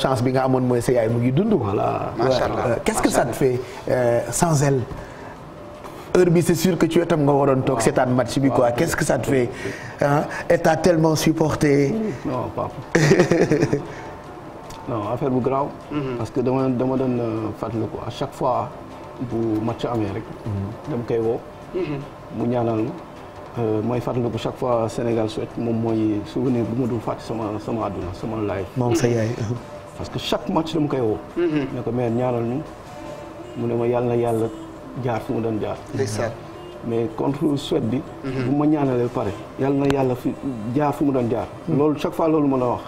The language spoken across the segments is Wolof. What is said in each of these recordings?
am bi nga amoon mooy sa yaay mu ngi dund. voilà macha allah qu'est-ce que ça te fait euh, sans elle. heure bi c'est sûr que ci wetam nga waroon toog seetaan match bi quoi qu'est-ce que ça te fait ah et supporté. non affaire bu garaaw. Mm-hmm. parce que dama dama doon euh, fàttali ko à chaque fois bu match amee rek. Mm-hmm. dama koy woo. Mm-hmm. mu ñaanal ma euh, mooy fàttali ko chaque fois Sénégal souhaite moom mooy souvenir bu ma dul fàtte sama sama àdduna sama life. moom sa yaay. parce que chaque match dama koy woo. Mm-hmm. ne ko mais ñaanal mu ne ma yàlla na yàlla jaar fu mu doon jaar. mais contre Suède bi. Mm-hmm. bu ma ñaanalee pare yàlla na yàlla fi jaar fu mu doon jaar. Mm-hmm. loolu chaque fois loolu ma la wax.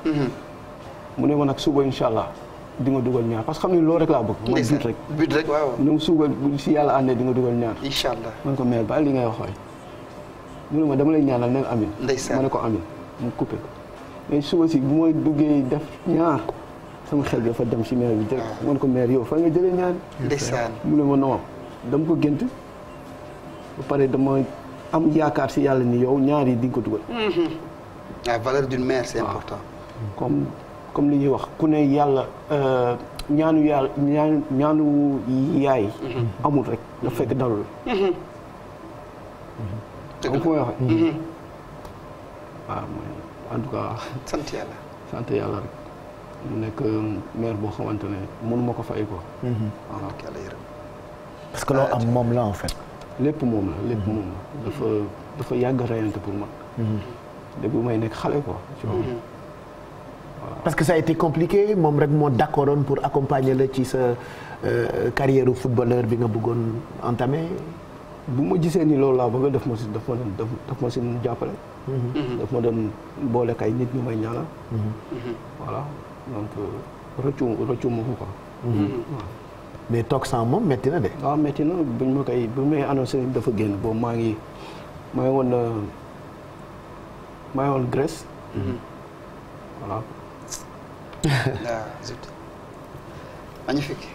mu ne ma nag suba incha allah di nga dugal ñaar parce que xam ne loolu rek laa bëgg. man but rek but rek mu ne ma suba si yàlla àndee di nga dugal ñaar. incha allah ko mais bàyyi li ngay wax waay. mu ne ma dama lay ñaanal ne amin. ndeysaan ma ne ko amin mu coupé ko mais si bu duggee def ñaar. sama xel fa dem si maire bi direct man ko maire yow fan nga jëlee ñaan mu ne ma non dama ko gént ba pare dama am yaakaar si yàlla ni yow ñaar yi di ko dugal mhm. la valeur comme comme li ñuy wax ku ne yàlla euh, ñaanu yàlla ñaanu ñaanu yaay mhm. amul rek nga fekk mhm. dalul comme fu may waxee en tout cas sant yàlla sant yàlla rek mu nekk maire boo xamante ne mënuma ko fay mhm. ko waaw parce que loo moom la en lépp moom la lépp mhm. moom la dafa dafa yàgg rayante pour man mhm. depuis may nekk xale que ça a été compliqué moom rek moo d'accordoon pour accompagner la ci sa euh, carrière footballeur bi nga bëggoon entamer bu ma gisee ni loolu laa bëgg daf ma si daf ma doon daf ma si jàppale daf ma doon boole kay nit ñu may ñaanal voilà donc rëccu rëccu mu ko mm-hmm. Mm-hmm. waaw mais toog sans moom métti na de. waaw na bu may annoncé dafa génn boobu maa ngi maa ngi euh, maa ngi woon Grèce. Mm-hmm. voilà. ah zut. magnifique.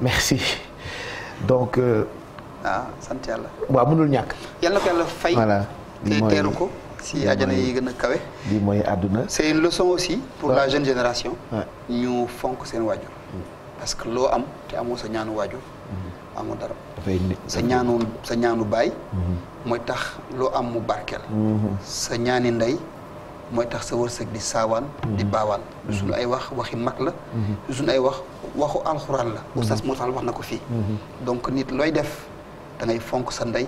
merci donc. Euh, ah sant yàlla. waaw mënul ñàkk. yàlla na ko yàlla fay. teeru ko. si ajana yi gën a kawe. lii mooy àdduna. c'est une leçon aussi pour la jeune génération. ñu fonk seen waajur. Mm. parce que loo am te amoo sa ñaanu waajur. Mm. amoo dara. dafay sa baay. Mm-hmm. mooy tax loo am mu barkeel. Mm-hmm. sa ñaani ndey. mooy tax sa wërsëg di saawaan di mm-hmm. baawaan du suñu ay wax waxi mag la du suñu ay wax waxu alxuraan la oustaz moo tax wax na ko fii donc nit looy def da fonk sa ndey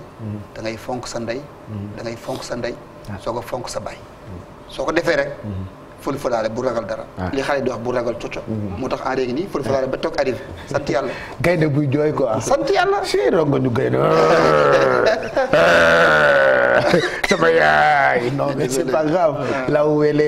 da fonk sa ndey fonk sa ndey soo ko fonk sa baay soo ko defee rek mhm. fël fëlaale bu ragal dara ah. li xale di bu ragal coco mhm. moo tax en réegi nii fël fëlaale ba toog arrivé sant yàlla gaynde buy jooy quoi sant yàlla si rongo ñu gaynde sama yaay non c'est pas grave là